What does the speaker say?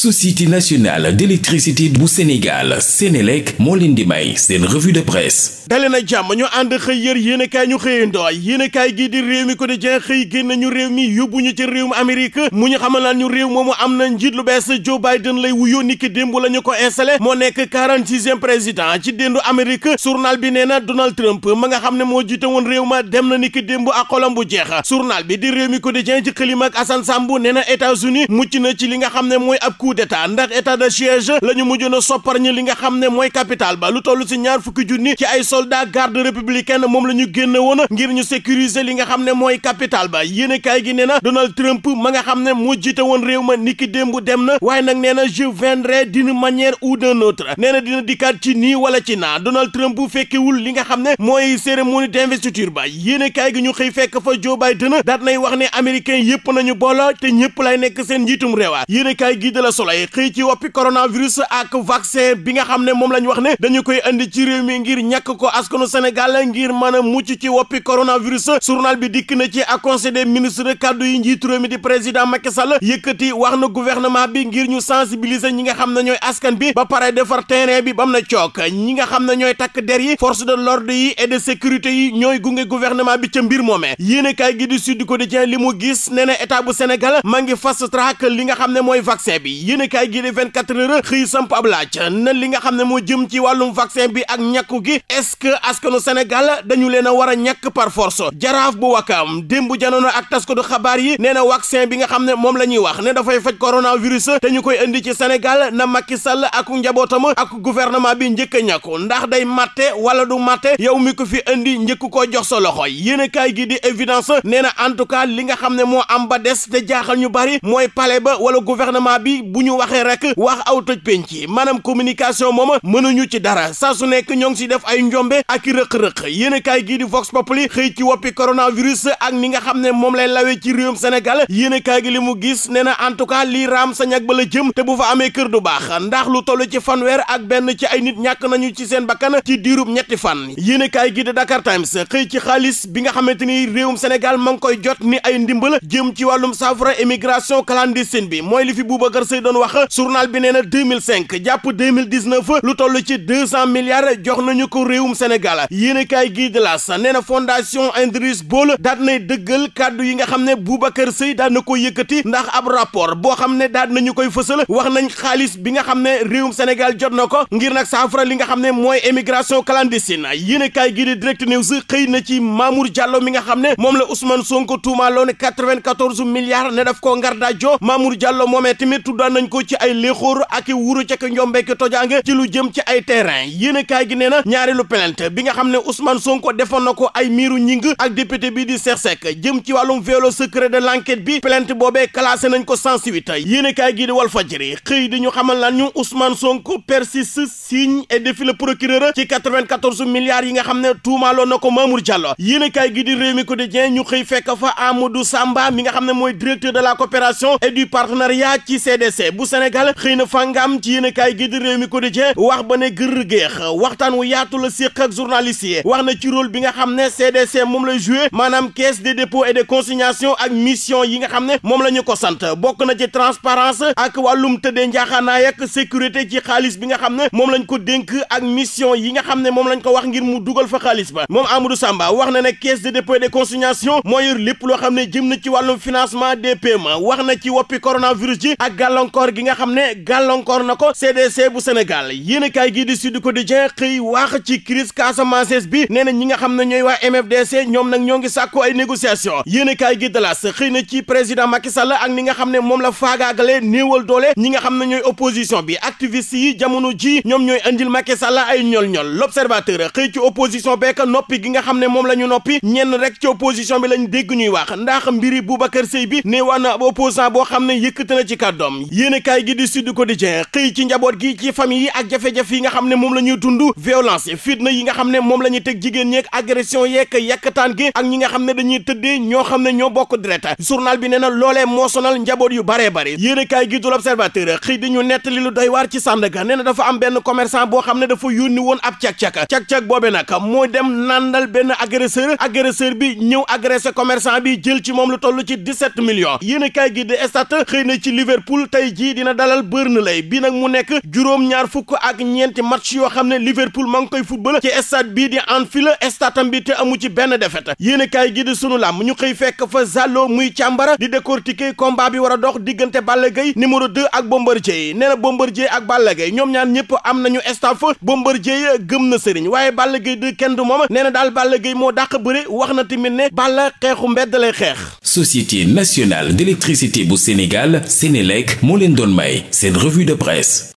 société nationale d'électricité bu Sénégal Sénélec moo leen di may seen revue de presse dale na jàmm ñu ànd xëy yër yéenekaay ñu xëyandoo yéenekaay gii di réew mi ko di jeex xëy génn ñu réew mi yóbbu ñu ci réewum Amérique mu ñu xamal ñu réew moomu am na njiit lu bees Joe Biden lay wuyoo niki démb la ñu ko installé moo nekk président ci déndu Amérique journal bi nee na Donald Trump ma nga xam ne moo jiite woon réew ma dem na niki démb ak xolam li nga xam coup d'état ndax état de siège la ñu mujjoon a li nga xam ne mooy capital ba lu toll si ñaar fukki junni ci ay soldat garde républicaine moom la ñu génn woon ngir ñu sécuriser li nga xam ne mooy capital ba yéen kaay gi nee na Donald Trump ma nga xam ne moo jiite woon réew ma niki démb dem na waaye nag nee na je viendrai d'une manière ou d'une autre nee na dina dikkaat ci nii wala ci naa Donald Trump fekkewul li nga xam ne mooy cérémonie d'investiture ba yéen kaay gi ñu xëy fekk fa Joe Biden daat nay wax ne américain yëpp nañu booloo te ñëpp nekk seen njiitum soleil xëy ci woppi coronavirus ak vaccin bi nga xam ne moom la ñu wax ne dañu koy indi ci réew mi ngir ñàkk ko askanu Sénégal ngir mën a mucc ci woppi coronavirus journal bi dikk na ci ak conseil des ministres kàddu yi njiitu réew mi di président Macky Sall yëkkati wax na gouvernement bi ngir ñu sensibiliser ñi nga xam ne ñooy askan bi ba pare defar terrain bi bam na cook ñi nga xam na ñooy takk der yi force de l'ordre yi et de sécurité yi ñooy gunge gouvernement bi c mbir moomee yéene kaay gi di Sud Quotidien li mu xam ne mooy vaccin yéen a gi di 24 heures xëy samp ab laaj na li nga xam ne moo jëm ci wàllum vaccin bi ak ñàkku gi est-ce que askanu Sénégal dañu leen a war a ñàkk par force jaraaf bu am démb janono ak taskatu xabaar yi nee na vaccin bi nga xam ne moom la ñuy wax ne dafay faj coronavirus te ñu koy indi ci Sénégal na Macky Sall ak njabootam ak gouvernement bi njëkk a ndax day matte wala du matte yow mi ko fi indi njëkku koo jox sa loxo yi a kaay gi di évidence nee na en tout cas li nga xam ne moo am ba des te jaaxal ñu bari mooy palais ba wala gouvernement bi bu ñu waxee rek wax aw toj penc yi maanaam communication moom mënuñu ci dara saa su nekk ñoo ngi si def ay njombe ak i rëq-rëq yéen a kaay gii di Vox Populi xëy ci woppi coronavirus ak ni nga xam ne moom lay lawee ci réewum Sénégal yéen a gi li mu gis nee na en tout cas lii raam sa ñag ba la jëm te bu fa amee kër du baax ndax lu toll ci fanweer ak benn ci ay nit ñàkk nañu ci seen bakkan ci diirub ñetti fan yéen a kaay gii di Dakar Times xëy ci xaalis bi nga xamante ni réewum Sénégal ma ngi koy jot ni ay ndimbal jëm ci wàllum saafara émigration clandestine mooy li fi Boubacar Seye doon wax journal bi nee na 2005 jàpp 2019 lu toll ci 200 milliards jox nañu ko réewum Sénégal yéenekaay gi de L'As nee na fondation Idriss Baol daat nay dëggal kàddu yi nga xam ne Boubacar Seye daan na ko yëkkati ndax ab rapport boo xam ne daat ñu koy fësal wax nañ xaalis bi nga xam ne réewum Sénégal jot na ko ngir nag saafara li nga xam ne mooy émigration clandestine yéenekaay gi di Direct News xëy na ci Mamour Diallo mi nga xam ne moom la Ousmane Sonko tuumaaloon 94 milliards ne daf koo ngar daajoo Mamour Diallo moomee tamit tuddaan nañ ko ci ay léexóor ak i wuru ca ki njombekki tojaange ci lu jëm ci ay terrain yéene kaay gi nee na ñaareelu plainte bi nga xam ne Ousmane Sonko defoon na ko ay miiru ñing ak député bii di Cheikh Seck jëm ci wàllum viol secret de l'enquête bi plainte boobee classé nañ ko sans suite yéene kaay gi di Walf Fadjri xëy di ñu xamal lan ñu Ousmane Sonko persiste signe et défie le procureur ci 94 milliards yi nga xam ne tuumaaloon na ko Mamour Diallo yéene kaay gi di Rewmi ñu xëy fekk fa Amadou Samba mi nga xam ne mooy de la coopération et du partenariat ci CDC bu Sénégal xëy na fàngaam ci yéen a kaay gi di réew mi ko di cee wax ba ne gër géex waxtaan wu yaatu la séq ak journaliste yi wax na ci rôle bi nga xam ne CDC moom la joué maanaam caisse des dépôts et des consignations ak mission yi nga xam ne moom la ñu ko sant bokk na ci transparence ak wàllum tëddee njaaxaanaay ak sécurité ci xaalis bi nga xam ne moom lañ ko dénk ak mission yi nga xam ne moom lañ ko wax ngir mu dugal fa xaalis ba moom Amadou Samba wax na ne caisse des dépôts et des lépp loo xam ne jëm na ci wàllum financement des paiements wax na ci woppi coronavirus ji ak gàllankoor gàllankoor gi nga xam ne gàllankoor na ko CDC bu Sénégal yéen a kaay gii di Sud Quotidien xëy wax ci crise Casamance bi nee na ñi nga xam ne ñooy waa MFDC ñoom nag ñoo ngi sàkku ay négociation yéen a gi Dalas xëy na ci président Macky Sall ak ni nga xam ne moom la faagaagale néewal doole ñi nga xam ne ñooy opposition bi activiste yi jamono ji ñoom ñooy andil Macky Sall ay ñol-ñol l'observateur xëy ci opposition beek noppi gi nga xam ne moom la ñu noppi ñenn rek ci bi lañ dégg ñuy wax ndax mbiri Boubacar Sèye bi néewaan opposant boo xam ne yëkkati na ci kàddoom yéenekaay gi di Sud Quotidien xëy ci njaboot gi ci famille yi ak jafe-jafe yi nga xam ne moom la ñuy dund violence yi fitna yi nga xam ne moom la ñuy teg jigéen ñeeg agression yeeg yàkkataan gi ak ñi nga xam ne dañuy tëddee ñoo xam ne ñoo bokk deret journal bi nee na loolee moo sonal njaboot yu baree bari yéenekaay gi du L'Observateur xëy di ñu nettali lu doy waar ci Sandaga nee na dafa am benn commerçant boo xam ne dafa yónni woon ab cag-cag cag-cag boobe nag moo dem nandal benn agresseur agresseur bi ñëw agressé commerçant bi jël ci moom lu toll ci 17 millions yéenekaay gi di xëy na ci Liverpool tey tey jii dina dalal Burnley bi nag mu nekk juróom-ñaar fukk ak ñeenti match yoo xam ne Liverpool maa ngi koy football ci stade bii di Anfield stade tam bi te amu ci benn défaite yéen a kaay gi di sunu làmb ñu xëy fekk fa Zallo muy càmbara di décortiquer combat bi war a dox diggante Balla Gaye numéro 2 ak Bombardier nee na Bombardier ak Balla Gaye ñoom ñaar ñëpp am nañu staff Bombardier gëm na sëriñ waaye Balla Gaye de kenn du moom nee na daal Balla gay moo dàq bëre wax na tamit ne Balla xeexu mbedd lay xeex. Société nationale d'électricité bu Sénégal Sénélec moo leen doon may seen de presse